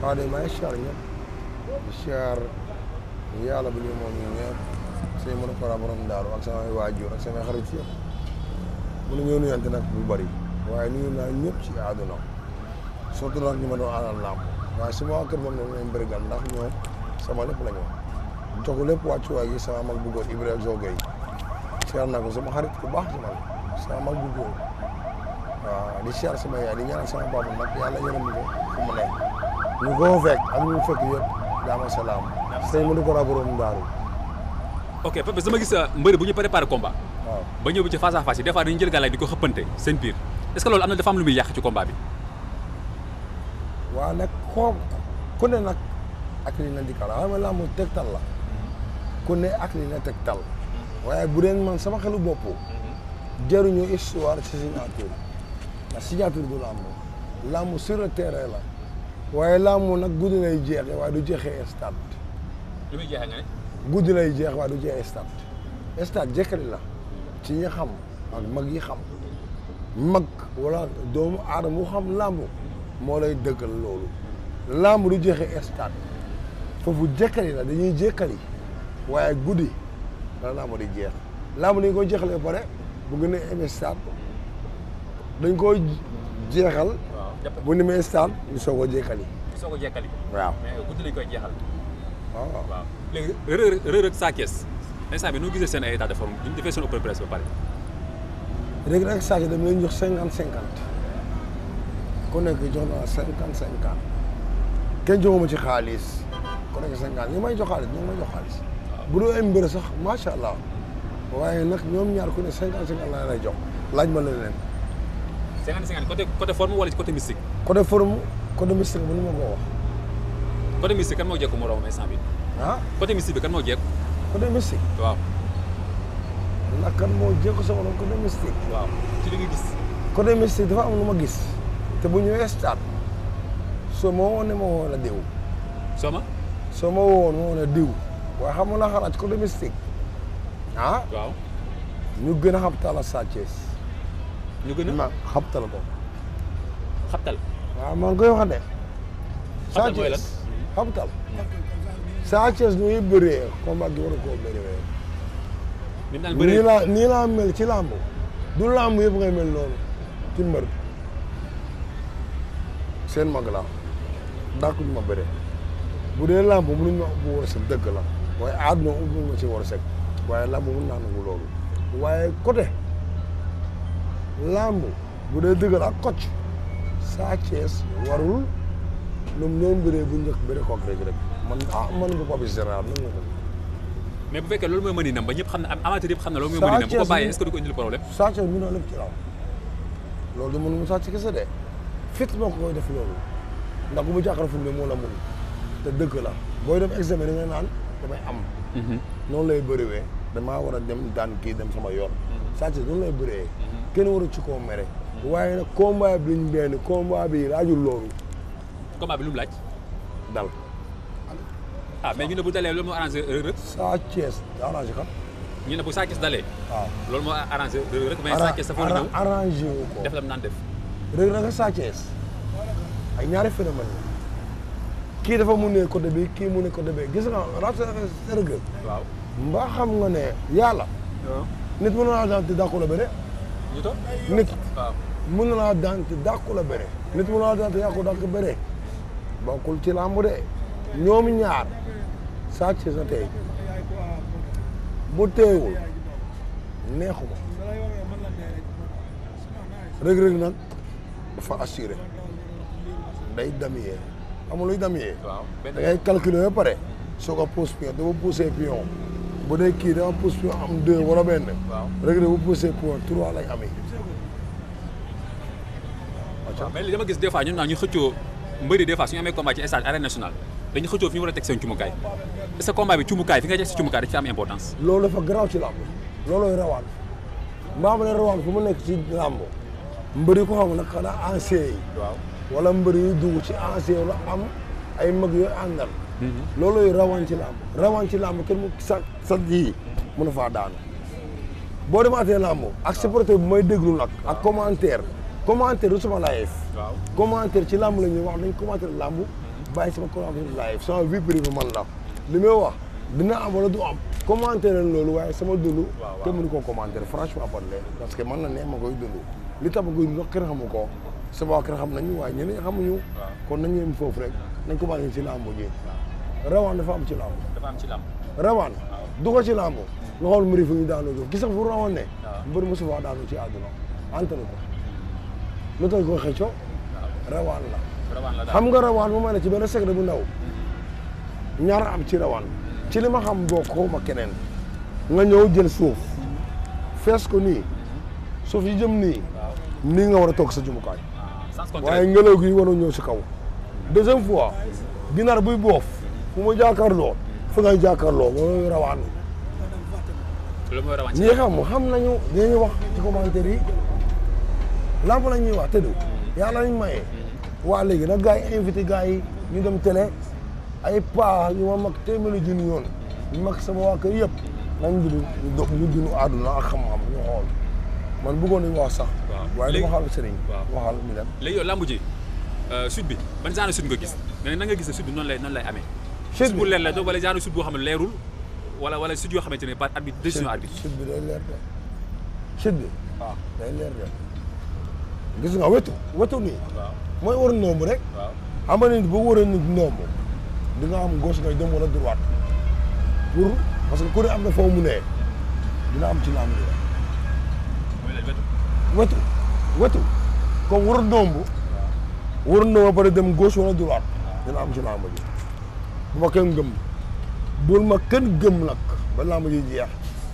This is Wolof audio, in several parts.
waaw de maa siyaar ñëpp siyaar yàlla bu ñu moom ñu ñëpp sëñ mën a kora borom daaru ak samay waajur samay xarit yëpp mënu ñëw nuyante nag bu bëri waaye nuyu naa ñëpp ci àdduna surtout nag ñu ma doon àndal làmb waaye su ma waa kër moom ne ndax ñoom sama lépp la ñu lépp wàccuwaay gi sama mag bu góor Ibrahima Zogay siyaar naa ko sama xarit bu baax ci man sama mag bu góor di siyaar sama yaay di ñaanal sama babu nag yàlla yërëm ko fu mu nekk ñu ko fekk ak ñu fekk yëpp daama salaam. sëñ mënu ko rabaroon Ndaaru. ok Papis sama gis uh, mbëri bu ñu préparé combat. waaw ba ñëw bi ci face à face yi des fois dañu jël gàllaay di ko xëppante seen biir est-ce loolu am na dafa am lu muy yàq ci combat bi. waaw nag koo ku ne nag ak li na di kala xam la ku ne ak li na waaye bu dee man sama xelu bopp jaruñu histoire ci signature ndax signature bu làmb làmb sur le terrain la waaye làmb nag guddi lay jeexee waaye du jeexee guddi lay jeex waaye du jeexee stade stade jëkkali la ci ñi xam ak mag yi xam mag wala doomu aadama mu xam làmb moo lay dëggal loolu làmb du jeexe stade foofu jëkkali la dañuy jëkkali waaye guddi la làmb di jeex làmb dañ ko jeexalee ba pare bu gën a amee stade dañ bu ni may saam ñu soog a jekkali. ñu soog a jekkali. waaw mais guddi lañ koy jeexal. waaw oh. waaw léegi Reug Reug ak Sa Thiès instant bi nu gisee seen ay de forme defee seen open presse ba pare. leen jox cinquante cinquante ku nekk jox naa cinquante cinquante kenn ma ci xaalis ku nekk cinquante ñi may jox xaalis ñoom may jox xaalis. bu dul ay mbër sax macha allah waaye nag ñoom ñaar ku ne cinquante cinquante laa lay jox laaj ma la leen. cinquante cinquante côté côté forme wala côté mystique. côté forme côté mystique mënu ma koo wax. côté mystique kan moo jekku ah? bi. kan moo jekku. côté mystique. waaw. ndax kan moo jekku sa morom côté mystique. waaw ci li te bu ñëwee stade soo ma woon ne ma woon a soo ma. woon ma woon a diw. waaye xam nga la xalaat côté mystique. ah waaw. ñu gën a xam Talla Sathiès. ñu gën a ma xabtal ko. xabtal. maa koy wax de. xabtal mooy lan Sa Thiès nu muy bëree combat gi war a bëree. ni mu mel ci làmb. du làmb yëpp ngay mel noonu ci mbër seen mag la dàq ñu ma bëre bu dee làmb mënuñ ma bu wërsëg dëgg la waaye aaduna mënuñ ma ci wërsëg waaye làmb mën naa nangu loolu waaye côté. làmb bu dee dëggal ak coach Sa Thiès warul ñoom ñoom bëree bu njëkk bëri koog rek rek man ah man bu Papis Général nan la mais bu fekkee loolu mooy mëninam ba ñëpp xam ne amateur yëpp xam ne loolu mooy mëninam bu ko bàyyee est-ce que du ko indil problème Sa Thiès mën na lépp ci làmb loolu du mën mu sàcc kese de fit moo ko koy def loolu ndax bu mu jàkkaar fu ne moo la mën te dëgg la booy dem examen da nga naan damay am mhm. noonu lay bëriwee damaa war a dem daan kii dem sama yoon mhm. Sa Thiès noonu lay bëree mhm. kenn waru ci koo mere. waaye nag combat bi lu mu laaj. dal. Ah, mais ñu ne bu dalee loolu moo arrangé Reug Reug. Sa loolu moo arrangé Reug Reug ko def ak ñaari phénomène kii dafa mu ne côté bi kii mu ne côté bi gis nga rajo Reug mbaa xam nga ne yàlla. nit mën naa la daan te dàqu ba de. nit mën na laa daan te dàqu la nit mën na laa daan te yàqu dàq bëre bokkul ci làmb de ñoom ñaar sàcc sa tey bu teewul neexuma rëg-rëg nag dafa assuré day damiyee amul luy damiyee da ngay calculer ba pare soo ko pousse pion dafa poussé pion ba dee kii dama pousse pour am deux wala benn. waaw Reug Reug bu poussé pour trois lay amee. waaw mais li dama gis des fois ñun naa ñu xëccoo mbëri des fois suñu amee combat ci stade arène nationale dañu xëccoo fi ñu war a teg seen cumukaay est ce que combat bi cumukaay fi nga teg sa cumukaay daf ci am importance. loolu dafa garaaw ci làmb loolooy rawaan mbaam la rawaan fu mu nekk ci làmb mbëri ko xam nag xanaa ancien yi. waaw wala mbëri yu dugg ci ancien la am ay mag yooyu loolooy rawan ci làmb rawan ci làmb kenn mu sa sa ji mënu faa daanu boo demaatee làmb ak supporter bu may déglu nag ak commentaire commentaire du sama live commentaire ci làmb la ñuy wax dañ commentaire làmb bàyyi sama commentaire live man la li may wax dina am wala du am commentaire leen loolu waaye sama dund te mënu koo commentaire franchement parler parce que man na ne ma koy dund li tax ma koy dund kenn xamu ko sama waa kër xam nañu waaye ñeneen xamuñu kon nañu yem foofu rek nañ ko bàyyi ci làmb rawaan dafa am ci làmb. dafa ci làmb. rawaan. du ko ci làmb. nga xool mbir fu ñu daanoo jóg gis nga fu rawoon ne. waaw mbir mosu faa ci àdduna. antanu ko lu tax ko xëccoo. rawaan la. rawaan la xam nga rawaan bu ma ne ci benn secret bu ndaw. Mm-hmm. ñaar am ci rawaan. ci li ma xam ko ma keneen. nga ñëw jël suuf. Mm-hmm. fees ko ni mm-hmm. suuf yi jëm ni ni nga war a toog sa jumukaay. Ah, waaye ngelaw gi waroon ñëw ci kaw. deuxième fois nar buy boof. ku ma jàkkaarloo fa ngay jàkkaarloo mooy rawaan ñi xam xam nañu dinañu wax ci commentaire yi lamp la ñuy wax tëdd yàlla nañ maye mm-hmm. waa léegi nag gars yi invité gars yi ñu dem télé ay paa yu ma mag téeméeri junni yoon ñu mag sama waa kër yëpp nañ jud ñu ñu dunu àdduna ak xam-xam ñu xool man bëggoon wax sax waaye li ma xam sëriñ waxal ñu dem léegi yow lamb ji euh, sud bi ban genre sud nga gis nga na nga gis ne bi noonu lay noonu lay amee chute bu leer la doon wala genre chute boo xam ne leerul wala wala chute yoo xamante ne par arbitre décision arbitre. chute bi day leer de chute bi. waaw ah. day leer de gis nga wetu wetu nii. waaw mooy war noom rek. waaw xam nga ni bu war a noom di nga am gauche ngay dem wala droite pour parce que ku ne am na foo mu nee dina am ci laamu nii wetu wetu comme waru ndomb waru ndomb ba pare dem gauche wala droite dina am ci làmb ji bu ma kenn gëm bul ma kenn gëm nag ba làmb ji jeex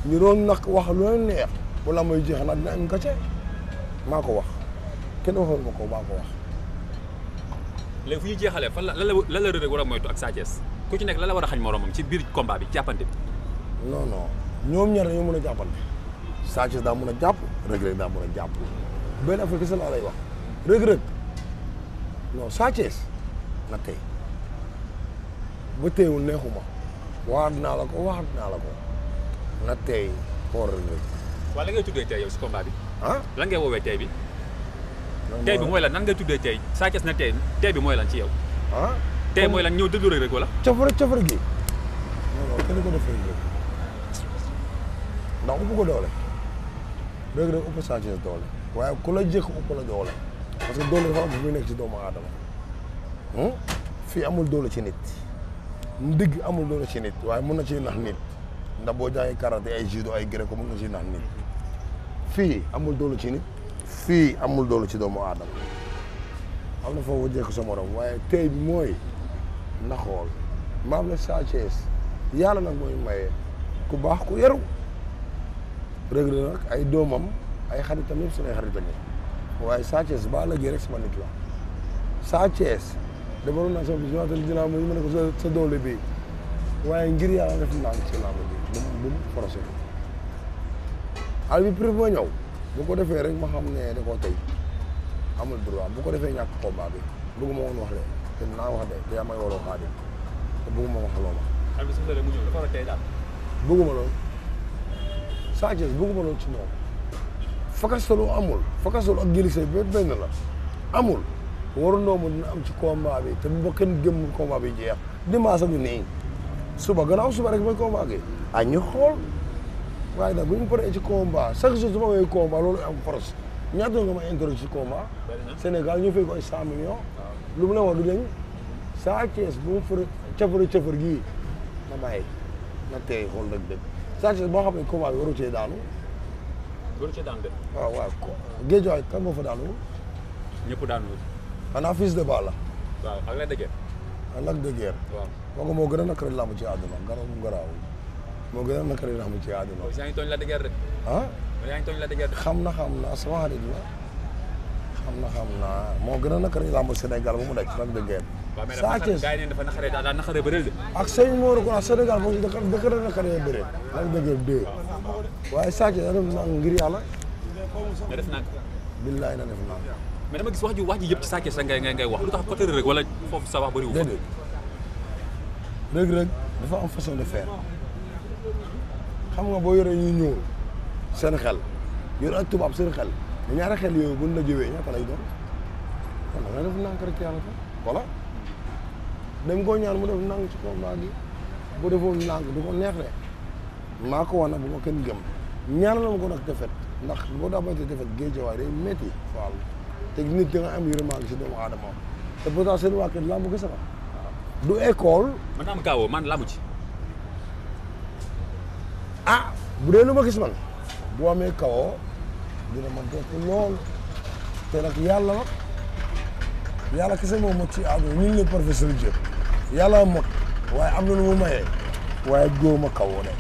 ñu doon nag wax lu maa ko wax kenn waxoon ma ko maa ko wax. léegi fu ñu jeexalee fan la lan la lan la Reug Reug ak Sa ku ci nekk lan la war a xañ moromam ci biir combat bi jàppante bi. non ñoom ñaar dañoo mën a jàppante Sa daa mën a jàpp Reug Reug daa mën a jàpp benn affaire kese laa lay wax Reug Reug non Sa Thiès tey. ba teewul neexuma waxaat naa la ko waxaat naa la ko na tey xool rek. waaw la ngay tuddee tey yow si combat bi. ah la ngay woowee tey bi. tey bi mooy lan nan ngay tuddee tey saa na tey tey bi mooy lan ci yow. ah tey mooy lan ñëw dëddu rek rek wala. cofara cofara gi. non non kenn ko defee rek ndax ëpp ko doole. léegi nag ëpp saa doole. waaye ku la jëkk ëpp la doole. parce que doole dafa am doomu aadama. fii amul doole ci nit. ndigg amul doole ci nit waaye mun na ci nax nit ndax boo jàngee karaté ay judo ay greco mun na ciy nax nit fii amul doolu ci nit fii amul doole ci doomu aadama am na foofu jekk sa moroom waaye tey bi mooy na xool maam na Sa Thiès yàlla nag mooy maye ku baax ku yaru Reug nag ay doomam ay xaritam yëpp seen ay xaritam yi waaye Sa Thiès baa la gée rek sama nit la Sa defaroon naa sama bis ñu waxtaan dinaa mu ñu mën a ko sa doole bi waaye ngir yàlla def ndànk ci làmb bi bu bu mu bi prix ba ñëw bu defee rek ma xam ne da koo tey amul droit bu ko defee ñàkk combat bi bëgguma woon wax de te naa wax de te yaa may waroo xaadim wax a tey daal. bëgguma loolu Sa Thiès bëgguma loolu ci moom solo amul fakastalu ak Gris Bordeaux benn la amul. warandoo ma dina am ci combat bi te ba kenn gëmmul combat bi jeex dimanche bi nii suba gannaaw suba rek mooy combat gi ah ñu xool waaye nag bu ñu paree ci combat chaque jour su ma woowee combat loolu am force ñaata nga ma intérêt ci combat. Sénégal ñu fay ko ay cent millions. lu mu ne dañ saa kees bu mu fërë cëfër cëfër na bàyyi na tey xool rek saa kees boo xam ne combat bi waru cee daanu. waru cee daanu ah, daanu. xanaa fils de Balla. waaw ak Lac de Guiers. ak Lac de Guiers. waaw kooku moo gën a nakari làmb ci àdduna moo gën a nakari làmb ci àdduna. waaw yaa ngi tooñ Lac de Guiers de. ah yaa ngi tooñ Lac de Guiers de. xam na xam na sama xam na xam na moo gën a nakari làmb Sénégal bu mu daj Lac de Guiers. saa kees waaw mais dafa naqaree daal daal naqaree bëreel de. ak sëñ Mor ko Sénégal moom dëkk dëkk da naqaree bëreel. Lac de Guiers deux waaye saa kees na def nag. billaay na def nag. mais dama gis wax ji wax ji yëpp ci Sa Thiès ngay ngay ngay wax lu tax côté Reug Reug wala foofu sa wax bëriwul. déedéet dafa am façon de faire xam nga boo yoree ñu ñëw seen xel yor ak tubaab seen xel ñaari xel yooyu buñ la jëwee ñaata lay doon kon da ngay def nànk rek yàlla ko voilà dem koo ñaan mu def nànk ci combat gi bu defoon nànk du ko neex de maa ko wan bu ko kenn gëm ñaanaloon ko nag defet ndax boo daa bañ a defet géej waay day métti waaw. te nit da nga am yërmande si doomu aadama te pourtant seen du école. man am kaawoo man lamb ci. ah bu dee lu ma gis man bu amee kawoo dina ma def lool te nag yàlla la yàlla kese moo mot ci àdduna ñu ngi lay professeur Diop yàlla waaye am na lu mu waaye góob ma kawoo de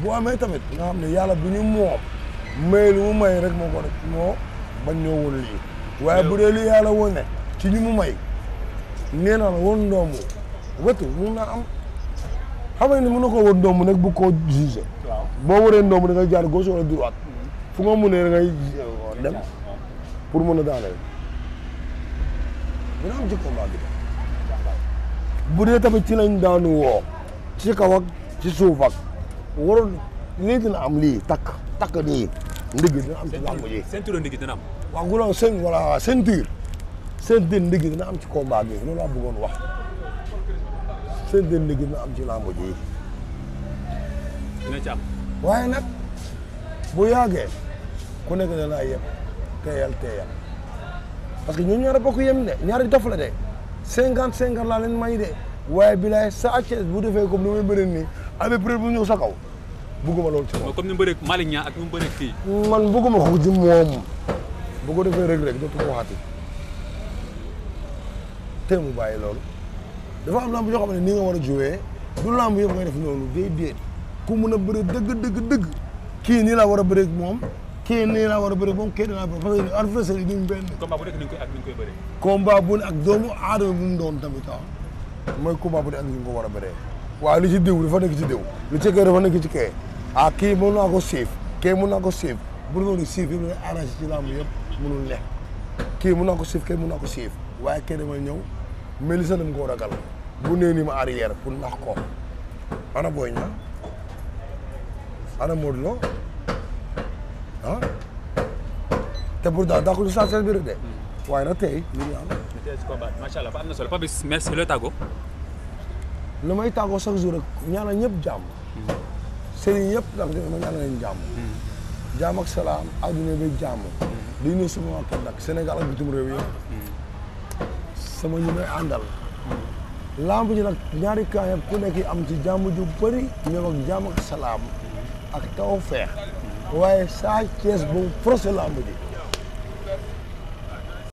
bu amee tamit nga xam ne yàlla bi ñu moom may lu mu rek moo ko rek moo bañ ñoo woon lii. waaye bu dee li yàlla woon ne ci ñu mu may nee naa la woon doomu wetu mun naa am xam nga ni mën na ko woon doomu nag bu ko jugé boo waree doomu da ngay jaar gauche wala droite mm-hmm. fu nga mënee da ngay dem pour mën a daaneel dina bu dee tamit ci lañ daanu woo ci kaw ci suuf ak waroon am lii takk takk nii ndigg dina am ci làmb ji ceinture ndigg dina waaw gulon seen voilà ceinture ceinture ndigg na am ci combat bi loolu laa bëggoon wax ceinture ndigg na am ci lamb ji ci am waaye nag bu yàggee ku nekk da naa yem teeyal teeyal parce que ñun ñaar bokk yem de ñaari dof la de cinquante cinquante laa leen may de waaye bilaay Sa Thiès bu defee comme ni muy bëri nii avec preuve bu ñëw sa kaw bugguma loolu ci moom. comme ni mu bëree ak ni mu bëree kii. ko ci moom. bu ko defee rek rek dootu ko waxati te mu bàyyi loolu dafa am lamb yoo xam ne ni nga war a joué du lamb yëpp ngay def loolu day déet ku mun a bëri dëgg dëgg dëgg kii nii laa war a bëri moom kii nii laa war bëri ak moom kii dinaa bëri parce que koy ak ni koy bëree. combat bu ne tamit ah mooy combat bu ne ak ko war a bëree waaw li ci diw dafa nekk ci diw lu ci kee dafa nekk ci kee a ah, kii mën naa ko siif kii mën naa ko siif. bu doon siif yi mu arrangé ci làmb yëpp mënul nekk kii mun naa ko siif kii mun naa ko siif waaye kii damay ñëw meli sa dama koo ragal bu nee nii ma arrière pour nax ko ana Boy Niang ana Modou Lo ah te pour daa daa ko ñu changé mbir de waaye nag tey ñu ngi am. macha allah ba am na solo tàggoo. lu may tàggoo chaque jour rek ñaanal ñëpp jàmm. Hmm. sëriñ yëpp ndax ñaanal leen jàmm. Hmm. jaam ak salaam adduna bi jàmm. di nuyu sama waa Kaolack Sénégal ak bitim réew sama ñu may àndal. lamb ji nag ñaari camp yëpp ku nekk am ci jàmm ju bari ñoom ak jàmm ak salaam. ak taw feex waaye Sa Thiès boobu forcé lamb ji.